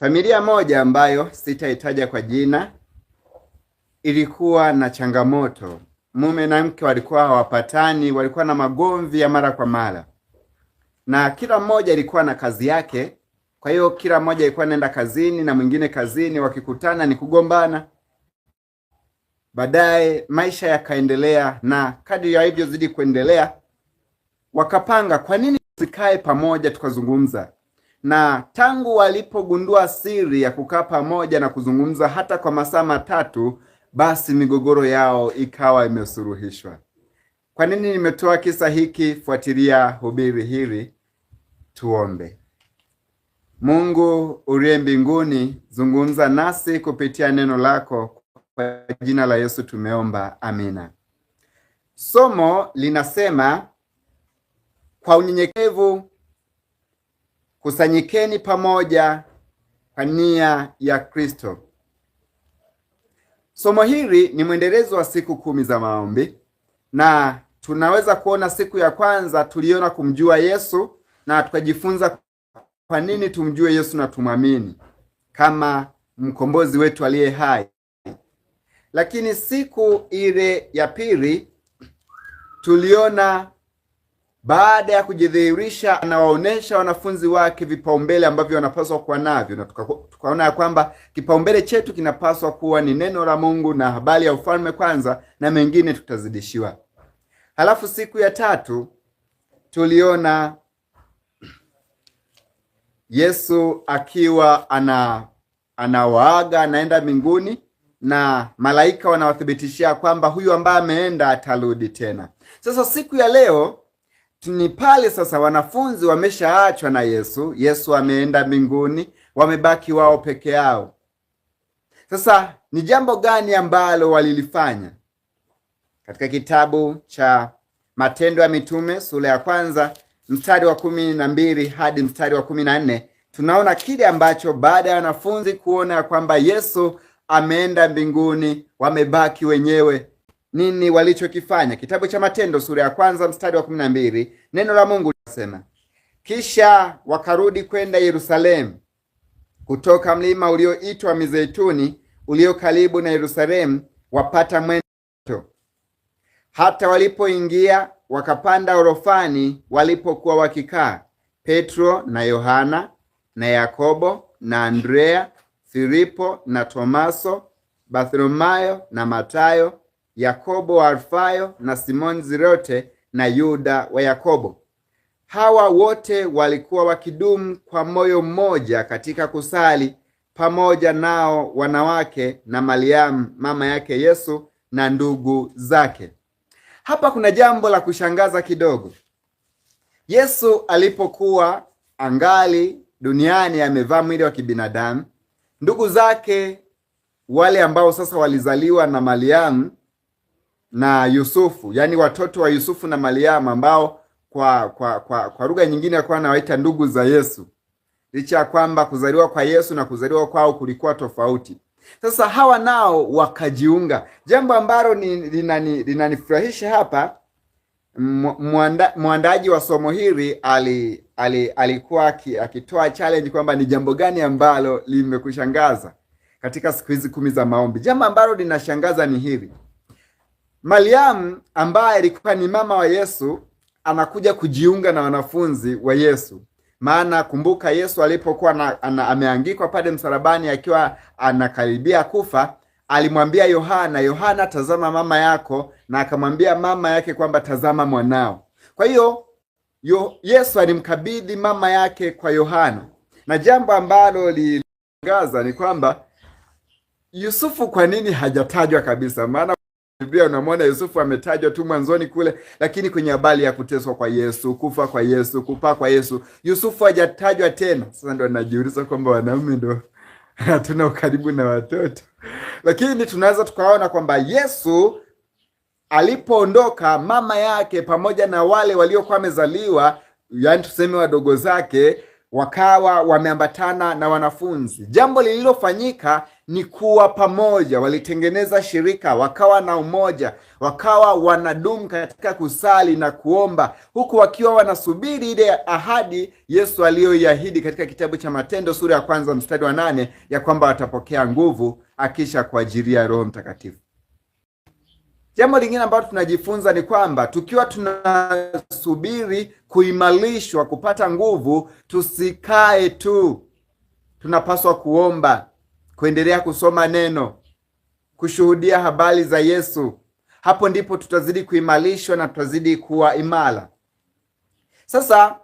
Familia moja ambayo sitaitaja kwa jina ilikuwa na changamoto. Mume na mke walikuwa hawapatani, walikuwa na magomvi ya mara kwa mara, na kila mmoja ilikuwa na kazi yake. Kwa hiyo kila mmoja alikuwa anaenda kazini na mwingine kazini, wakikutana ni kugombana. Baadaye maisha yakaendelea, na kadri yalivyozidi kuendelea, wakapanga kwa nini tusikae pamoja tukazungumza na tangu walipogundua siri ya kukaa pamoja na kuzungumza hata kwa masaa matatu, basi migogoro yao ikawa imesuruhishwa. Kwa nini nimetoa kisa hiki? Fuatilia hubiri hili. Tuombe. Mungu uliye mbinguni, zungumza nasi kupitia neno lako, kwa jina la Yesu tumeomba, amina. Somo linasema kwa unyenyekevu kusanyikeni pamoja kwa nia ya Kristo. Somo hili ni mwendelezo wa siku kumi za maombi, na tunaweza kuona siku ya kwanza tuliona kumjua Yesu na tukajifunza kwa nini tumjue Yesu na tumwamini kama mkombozi wetu aliye hai. Lakini siku ile ya pili tuliona baada ya kujidhihirisha anawaonyesha wanafunzi wake vipaumbele ambavyo wanapaswa kuwa navyo, na tukaona ya kwamba kipaumbele chetu kinapaswa kuwa ni neno la Mungu na habari ya ufalme kwanza, na mengine tutazidishiwa. Halafu siku ya tatu tuliona Yesu akiwa ana anawaaga anaenda mbinguni na malaika wanawathibitishia kwamba huyu ambaye ameenda atarudi tena. Sasa siku ya leo ni pale sasa wanafunzi wameshaachwa na Yesu. Yesu ameenda mbinguni, wamebaki wao peke yao. Sasa ni jambo gani ambalo walilifanya? Katika kitabu cha Matendo ya Mitume sura ya kwanza mstari wa kumi na mbili hadi mstari wa kumi na nne tunaona kile ambacho baada ya wanafunzi kuona ya kwamba Yesu ameenda mbinguni, wamebaki wenyewe nini walichokifanya. Kitabu cha Matendo sura ya kwanza mstari wa kumi na mbili neno la Mungu linasema, kisha wakarudi kwenda Yerusalemu kutoka mlima ulioitwa Mizeituni ulio karibu na Yerusalemu, wapata mwendo. Hata walipoingia wakapanda orofani, walipokuwa wakikaa Petro na Yohana na Yakobo na Andrea, Filipo na Tomaso, Bartholomayo na Matayo Yakobo wa Alfayo na Simoni zirote na Yuda wa Yakobo. Hawa wote walikuwa wakidumu kwa moyo mmoja katika kusali pamoja nao wanawake na Mariamu mama yake Yesu na ndugu zake. Hapa kuna jambo la kushangaza kidogo. Yesu alipokuwa angali duniani amevaa mwili wa kibinadamu, ndugu zake wale ambao sasa walizaliwa na Mariamu na Yusufu, yani watoto wa Yusufu na Mariamu ambao kwa kwa kwa, kwa lugha nyingine alikuwa anawaita ndugu za Yesu, licha ya kwamba kuzaliwa kwa Yesu na kuzaliwa kwao kulikuwa tofauti. Sasa hawa nao wakajiunga, jambo ambalo linanifurahisha hapa. mwandaji wa somo hili ali, ali, alikuwa akitoa challenge kwamba ni jambo gani ambalo limekushangaza katika siku hizi kumi za maombi. Jambo ambalo linashangaza ni hili Mariamu ambaye alikuwa ni mama wa Yesu anakuja kujiunga na wanafunzi wa Yesu. Maana kumbuka, Yesu alipokuwa ameangikwa pale msalabani akiwa anakaribia kufa, alimwambia Yohana, Yohana, tazama mama yako, na akamwambia mama yake kwamba tazama mwanao. Kwa hiyo Yesu alimkabidhi mama yake kwa Yohana, na jambo ambalo lilishangaza ni kwamba Yusufu, kwa nini hajatajwa kabisa? maana Biblia unamwona Yusufu ametajwa tu mwanzoni kule, lakini kwenye habari ya kuteswa kwa Yesu, kufa kwa Yesu, kupaa kwa Yesu, Yusufu hajatajwa tena. Sasa ndo najiuliza kwamba wanaume ndo hatuna ukaribu na watoto, lakini tunaweza tukaona kwamba Yesu alipoondoka, mama yake pamoja na wale waliokuwa wamezaliwa, yaani tuseme wadogo zake wakawa wameambatana na wanafunzi. Jambo lililofanyika ni kuwa pamoja, walitengeneza shirika, wakawa na umoja, wakawa wanadumu katika kusali na kuomba, huku wakiwa wanasubiri ile ahadi Yesu aliyoiahidi katika kitabu cha Matendo sura ya kwanza mstari wa nane ya kwamba watapokea nguvu akisha kuajiria Roho Mtakatifu. Jambo lingine ambalo tunajifunza ni kwamba tukiwa tunasubiri kuimarishwa, kupata nguvu, tusikae tu. Tunapaswa kuomba, kuendelea kusoma neno, kushuhudia habari za Yesu. Hapo ndipo tutazidi kuimarishwa na tutazidi kuwa imara. Sasa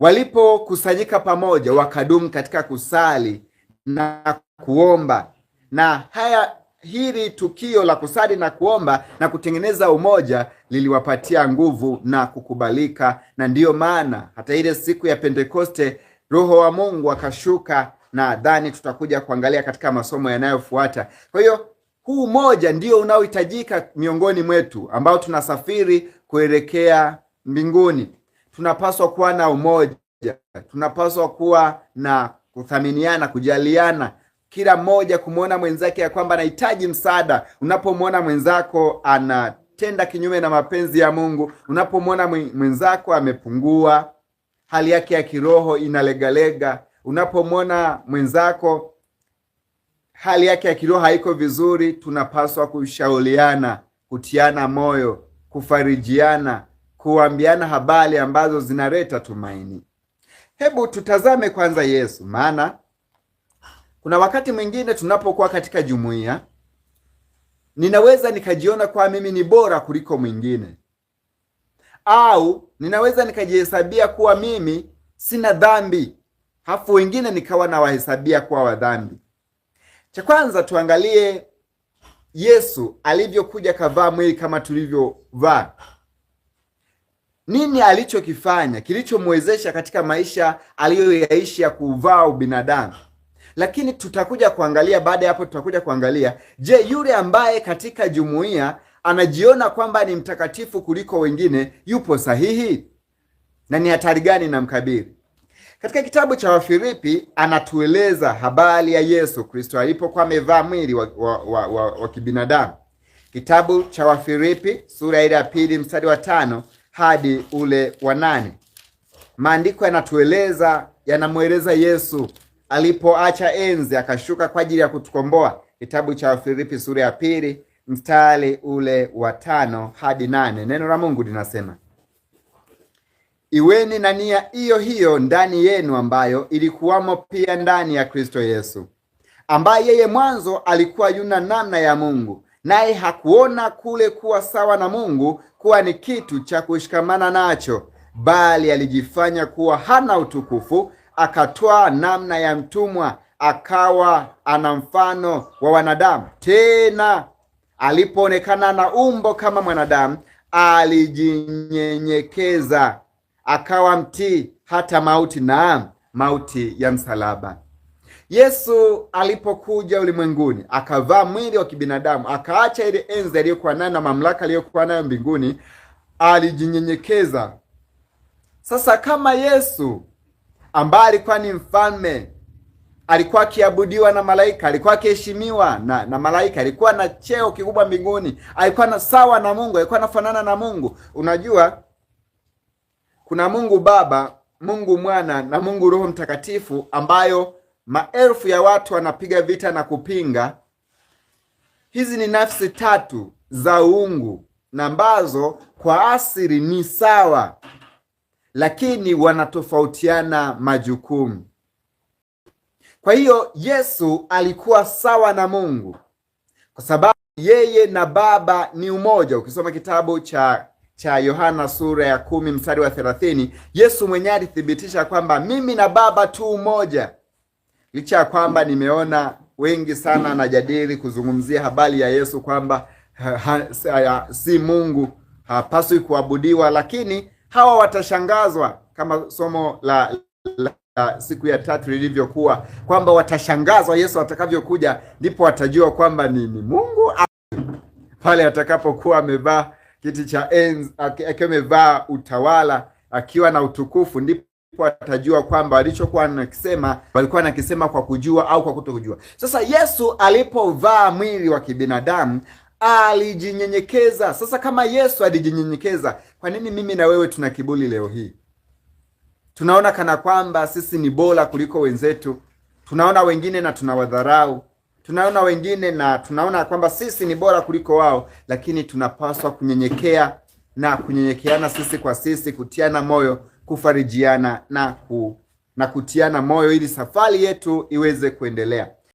walipokusanyika pamoja, wakadumu katika kusali na kuomba, na haya hili tukio la kusali na kuomba na kutengeneza umoja liliwapatia nguvu na kukubalika, na ndiyo maana hata ile siku ya Pentekoste Roho wa Mungu akashuka, na dhani tutakuja kuangalia katika masomo yanayofuata. Kwa hiyo huu umoja ndio unaohitajika miongoni mwetu ambao tunasafiri kuelekea mbinguni. Tunapaswa kuwa na umoja, tunapaswa kuwa na kuthaminiana, kujaliana kila mmoja kumwona mwenzake ya kwamba anahitaji msaada. Unapomwona mwenzako anatenda kinyume na mapenzi ya Mungu, unapomwona mwenzako amepungua, hali yake ya kiroho inalegalega, unapomwona mwenzako hali yake ya kiroho haiko vizuri, tunapaswa kushauriana, kutiana moyo, kufarijiana, kuambiana habari ambazo zinaleta tumaini. Hebu tutazame kwanza Yesu, maana kuna wakati mwingine tunapokuwa katika jumuiya, ninaweza nikajiona kwa mimi ni bora kuliko mwingine, au ninaweza nikajihesabia kuwa mimi sina dhambi, hafu wengine nikawa nawahesabia kuwa wa dhambi. Cha kwanza tuangalie Yesu alivyokuja kavaa mwili kama tulivyovaa. Nini alichokifanya kilichomwezesha katika maisha aliyoyaishi ya kuvaa ubinadamu? lakini tutakuja kuangalia baada ya hapo, tutakuja kuangalia je, yule ambaye katika jumuiya anajiona kwamba ni mtakatifu kuliko wengine yupo sahihi na ni hatari gani namkabili? Katika kitabu cha Wafilipi anatueleza habari ya Yesu Kristo alipokuwa amevaa mwili wa, wa, wa, wa, wa kibinadamu. Kitabu cha Wafilipi sura ile ya pili mstari wa tano hadi ule wa nane maandiko yanatueleza yanamweleza Yesu alipoacha enzi akashuka kwa ajili ya kutukomboa. Kitabu cha Wafilipi sura ya pili mstari ule wa tano hadi nane neno la Mungu linasema iweni na nia hiyo hiyo ndani yenu, ambayo ilikuwamo pia ndani ya Kristo Yesu, ambaye yeye mwanzo alikuwa yuna namna ya Mungu, naye hakuona kule kuwa sawa na Mungu kuwa ni kitu cha kushikamana nacho, bali alijifanya kuwa hana utukufu akatoa namna ya mtumwa, akawa ana mfano wa wanadamu. Tena alipoonekana na umbo kama mwanadamu, alijinyenyekeza akawa mtii hata mauti, na mauti ya msalaba. Yesu alipokuja ulimwenguni akavaa mwili wa kibinadamu, akaacha ile enzi aliyokuwa nayo na mamlaka aliyokuwa nayo mbinguni, alijinyenyekeza. Sasa kama Yesu ambaye alikuwa ni mfalme, alikuwa akiabudiwa na malaika, alikuwa akiheshimiwa na, na malaika, alikuwa na cheo kikubwa mbinguni, alikuwa na sawa na Mungu, alikuwa anafanana na Mungu. Unajua kuna Mungu Baba, Mungu Mwana na Mungu Roho Mtakatifu, ambayo maelfu ya watu wanapiga vita na kupinga. Hizi ni nafsi tatu za uungu na ambazo kwa asili ni sawa lakini wanatofautiana majukumu. Kwa hiyo Yesu alikuwa sawa na Mungu kwa sababu yeye na Baba ni umoja. Ukisoma kitabu cha cha Yohana sura ya kumi mstari wa thelathini, Yesu mwenyewe alithibitisha kwamba mimi na Baba tu umoja, licha ya kwamba nimeona wengi sana anajadili kuzungumzia habari ya Yesu kwamba ha, ha, si Mungu hapaswi kuabudiwa, lakini hawa watashangazwa kama somo la, la, la siku ya tatu lilivyokuwa kwamba watashangazwa Yesu atakavyokuja, ndipo watajua kwamba ni, ni Mungu pale atakapokuwa amevaa kiti cha enzi akiwa amevaa utawala akiwa na utukufu, ndipo watajua kwamba walichokuwa nakisema walikuwa nakisema kwa kujua au kwa kutokujua. Sasa Yesu alipovaa mwili wa kibinadamu alijinyenyekeza. Sasa kama Yesu alijinyenyekeza, kwa nini mimi na wewe tuna kibuli leo hii? Tunaona kana kwamba sisi ni bora kuliko wenzetu, tunaona wengine na tunawadharau, tunaona wengine na tunaona kwamba sisi ni bora kuliko wao, lakini tunapaswa kunyenyekea na kunyenyekeana sisi kwa sisi, kutiana moyo, kufarijiana na ku, na kutiana moyo ili safari yetu iweze kuendelea.